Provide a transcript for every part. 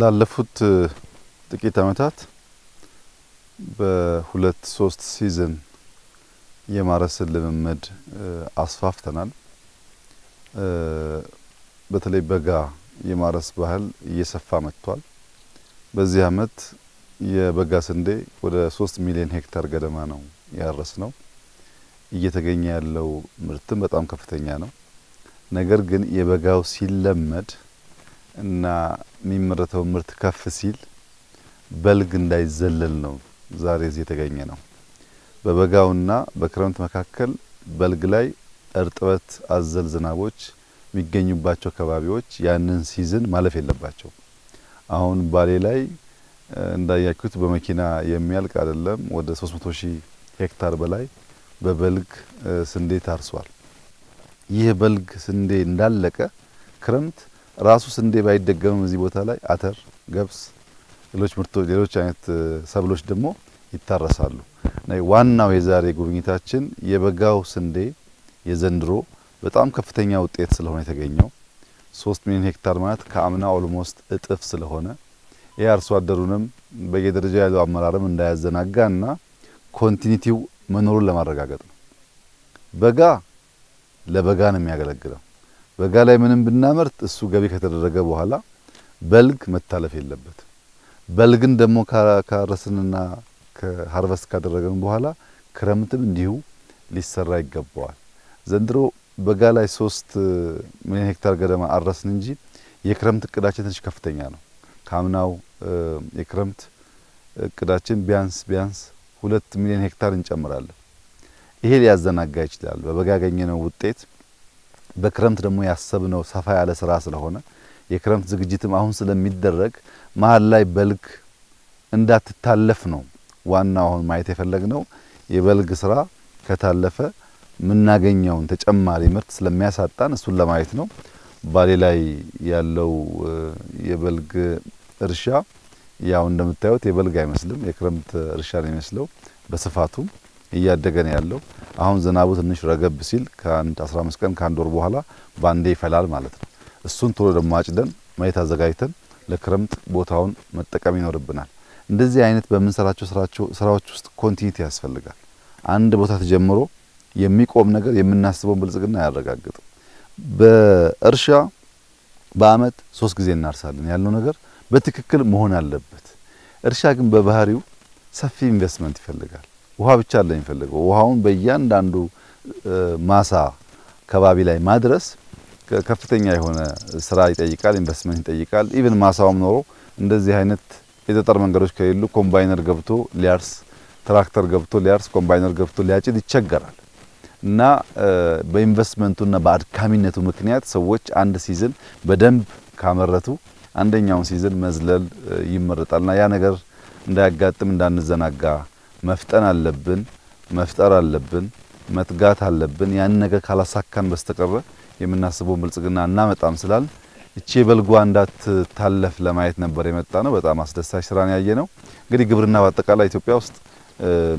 ላለፉት ጥቂት ዓመታት በሁለት ሶስት ሲዝን የማረስን ልምምድ አስፋፍተናል። በተለይ በጋ የማረስ ባህል እየሰፋ መጥቷል። በዚህ ዓመት የበጋ ስንዴ ወደ ሶስት ሚሊዮን ሄክታር ገደማ ነው ያረስ ነው። እየተገኘ ያለው ምርትም በጣም ከፍተኛ ነው። ነገር ግን የበጋው ሲለመድ እና የሚመረተው ምርት ከፍ ሲል በልግ እንዳይዘለል ነው ዛሬ እዚህ የተገኘ ነው። በበጋውና በክረምት መካከል በልግ ላይ እርጥበት አዘል ዝናቦች የሚገኙባቸው አካባቢዎች ያንን ሲዝን ማለፍ የለባቸው። አሁን ባሌ ላይ እንዳያችሁት በመኪና የሚያልቅ አይደለም፣ ወደ 300 ሺህ ሄክታር በላይ በበልግ ስንዴ ታርሷል። ይህ በልግ ስንዴ እንዳለቀ ክረምት ራሱ ስንዴ ባይደገምም እዚህ ቦታ ላይ አተር፣ ገብስ፣ ሌሎች ምርቶች፣ ሌሎች አይነት ሰብሎች ደግሞ ይታረሳሉ። ዋናው የዛሬ ጉብኝታችን የበጋው ስንዴ የዘንድሮ በጣም ከፍተኛ ውጤት ስለሆነ የተገኘው ሶስት ሚሊዮን ሄክታር ማለት ከአምና ኦልሞስት እጥፍ ስለሆነ ይህ አርሶ አደሩንም በየደረጃ ያለው አመራርም እንዳያዘናጋና ኮንቲኒቲው መኖሩን ለማረጋገጥ ነው። በጋ ለበጋ ነው የሚያገለግለው። በጋ ላይ ምንም ብናመርት እሱ ገቢ ከተደረገ በኋላ በልግ መታለፍ የለበትም። በልግን ደግሞ ካረስንና ከሃርቨስት ካደረገን በኋላ ክረምትም እንዲሁ ሊሰራ ይገባዋል። ዘንድሮ በጋ ላይ ሶስት ሚሊዮን ሄክታር ገደማ አረስን እንጂ የክረምት እቅዳችን ትንሽ ከፍተኛ ነው። ከአምናው የክረምት እቅዳችን ቢያንስ ቢያንስ ሁለት ሚሊዮን ሄክታር እንጨምራለን። ይሄ ሊያዘናጋ ይችላል። በበጋ ያገኘነው ውጤት በክረምት ደግሞ ያሰብነው ሰፋ ያለ ስራ ስለሆነ የክረምት ዝግጅትም አሁን ስለሚደረግ መሀል ላይ በልግ እንዳትታለፍ ነው ዋና አሁን ማየት የፈለግነው። የበልግ ስራ ከታለፈ የምናገኘውን ተጨማሪ ምርት ስለሚያሳጣን እሱን ለማየት ነው። ባሌ ላይ ያለው የበልግ እርሻ ያው እንደምታዩት የበልግ አይመስልም፣ የክረምት እርሻ ነው የሚመስለው በስፋቱም እያደገ ነው ያለው። አሁን ዝናቡ ትንሽ ረገብ ሲል ከአንድ 15 ቀን ከአንድ ወር በኋላ ባንዴ ይፈላል ማለት ነው። እሱን ቶሎ ደግሞ አጭደን መሬት አዘጋጅተን ለክረምት ቦታውን መጠቀም ይኖርብናል። እንደዚህ አይነት በምንሰራቸው ስራዎች ውስጥ ኮንቲኒቲ ያስፈልጋል። አንድ ቦታ ተጀምሮ የሚቆም ነገር የምናስበውን ብልጽግና አያረጋግጥም። በእርሻ በአመት ሶስት ጊዜ እናርሳለን ያለው ነገር በትክክል መሆን አለበት። እርሻ ግን በባህሪው ሰፊ ኢንቨስትመንት ይፈልጋል። ውሃ ብቻ አለ የሚፈልገው። ውሃውን በእያንዳንዱ ማሳ ከባቢ ላይ ማድረስ ከፍተኛ የሆነ ስራ ይጠይቃል፣ ኢንቨስትመንት ይጠይቃል። ኢቨን ማሳውም ኖሮ እንደዚህ አይነት የጠጠር መንገዶች ከሌሉ ኮምባይነር ገብቶ ሊያርስ፣ ትራክተር ገብቶ ሊያርስ፣ ኮምባይነር ገብቶ ሊያጭድ ይቸገራል እና በኢንቨስትመንቱና በአድካሚነቱ ምክንያት ሰዎች አንድ ሲዝን በደንብ ካመረቱ አንደኛውን ሲዝን መዝለል ይመረጣልና ያ ነገር እንዳያጋጥም እንዳንዘናጋ መፍጠን አለብን፣ መፍጠር አለብን፣ መትጋት አለብን። ያን ነገር ካላሳካን በስተቀረ የምናስበውን ብልጽግና እናመጣም ስላል እቺ የበልጓ እንዳትታለፍ ለማየት ነበር የመጣ ነው። በጣም አስደሳች ስራን ያየ ነው። እንግዲህ ግብርና በአጠቃላይ ኢትዮጵያ ውስጥ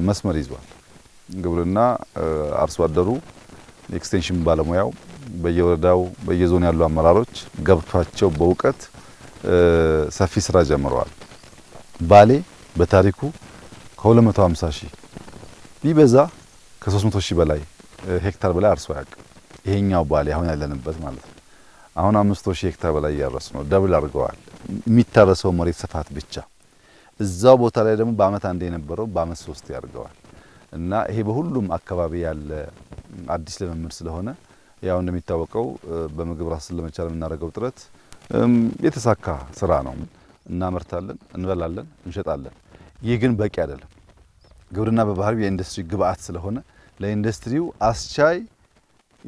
መስመር ይዟል። ግብርና አርሶ አደሩ፣ ኤክስቴንሽን ባለሙያው፣ በየወረዳው በየዞን ያሉ አመራሮች ገብቷቸው በእውቀት ሰፊ ስራ ጀምረዋል። ባሌ በታሪኩ ከ250 ሺህ ቢበዛ ከ300 ሺህ በላይ ሄክታር በላይ አርሶ አያውቅም። ይሄኛው ባሌ አሁን ያለንበት ማለት ነው። አሁን 500 ሺህ ሄክታር በላይ እያረሱ ነው። ደብል አድርገዋል። የሚታረሰው መሬት ስፋት ብቻ እዛው ቦታ ላይ ደግሞ በአመት አንድ የነበረው በአመት ሶስት ያድርገዋል። እና ይሄ በሁሉም አካባቢ ያለ አዲስ ልምምድ ስለሆነ ያው እንደሚታወቀው በምግብ ራስን ለመቻል የምናደርገው ጥረት የተሳካ ስራ ነው። እናመርታለን፣ እንበላለን፣ እንሸጣለን። ይህ ግን በቂ አይደለም። ግብርና በባህሪው የኢንዱስትሪ ግብአት ስለሆነ ለኢንዱስትሪው አስቻይ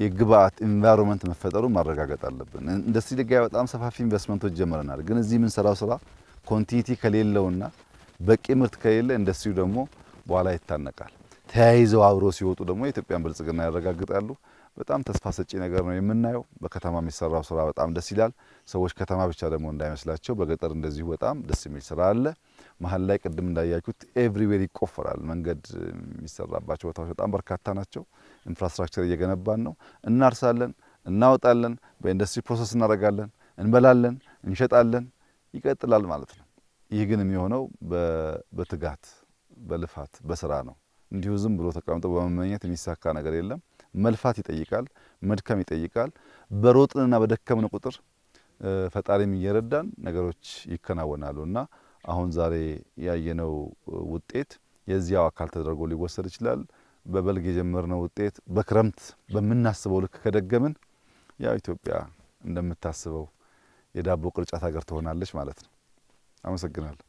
የግብአት ኢንቫይሮንመንት መፈጠሩ ማረጋገጥ አለብን። ኢንዱስትሪ ድጋሚ በጣም ሰፋፊ ኢንቨስትመንቶች ጀምረናል። ግን እዚህ የምንሰራው ስራ ኮንቲኒቲ ከሌለውና በቂ ምርት ከሌለ ኢንዱስትሪው ደግሞ በኋላ ይታነቃል። ተያይዘው አብሮ ሲወጡ ደግሞ የኢትዮጵያን ብልጽግና ያረጋግጣሉ። በጣም ተስፋ ሰጪ ነገር ነው የምናየው። በከተማ የሚሰራው ስራ በጣም ደስ ይላል። ሰዎች ከተማ ብቻ ደግሞ እንዳይመስላቸው በገጠር እንደዚሁ በጣም ደስ የሚል ስራ አለ። መሀል ላይ ቅድም እንዳያችሁት ኤቭሪዌር ይቆፈራል። መንገድ የሚሰራባቸው ቦታዎች በጣም በርካታ ናቸው። ኢንፍራስትራክቸር እየገነባን ነው። እናርሳለን፣ እናወጣለን፣ በኢንዱስትሪ ፕሮሰስ እናደርጋለን፣ እንበላለን፣ እንሸጣለን፣ ይቀጥላል ማለት ነው። ይህ ግን የሚሆነው በትጋት በልፋት በስራ ነው። እንዲሁ ዝም ብሎ ተቀምጦ በመመኘት የሚሳካ ነገር የለም። መልፋት ይጠይቃል፣ መድከም ይጠይቃል። በሮጥንና በደከምን ቁጥር ፈጣሪም እየረዳን ነገሮች ይከናወናሉ እና አሁን ዛሬ ያየነው ውጤት የዚያው አካል ተደርጎ ሊወሰድ ይችላል። በበልግ የጀመርነው ውጤት በክረምት በምናስበው ልክ ከደገምን ያው ኢትዮጵያ እንደምታስበው የዳቦ ቅርጫት ሀገር ትሆናለች ማለት ነው። አመሰግናለሁ።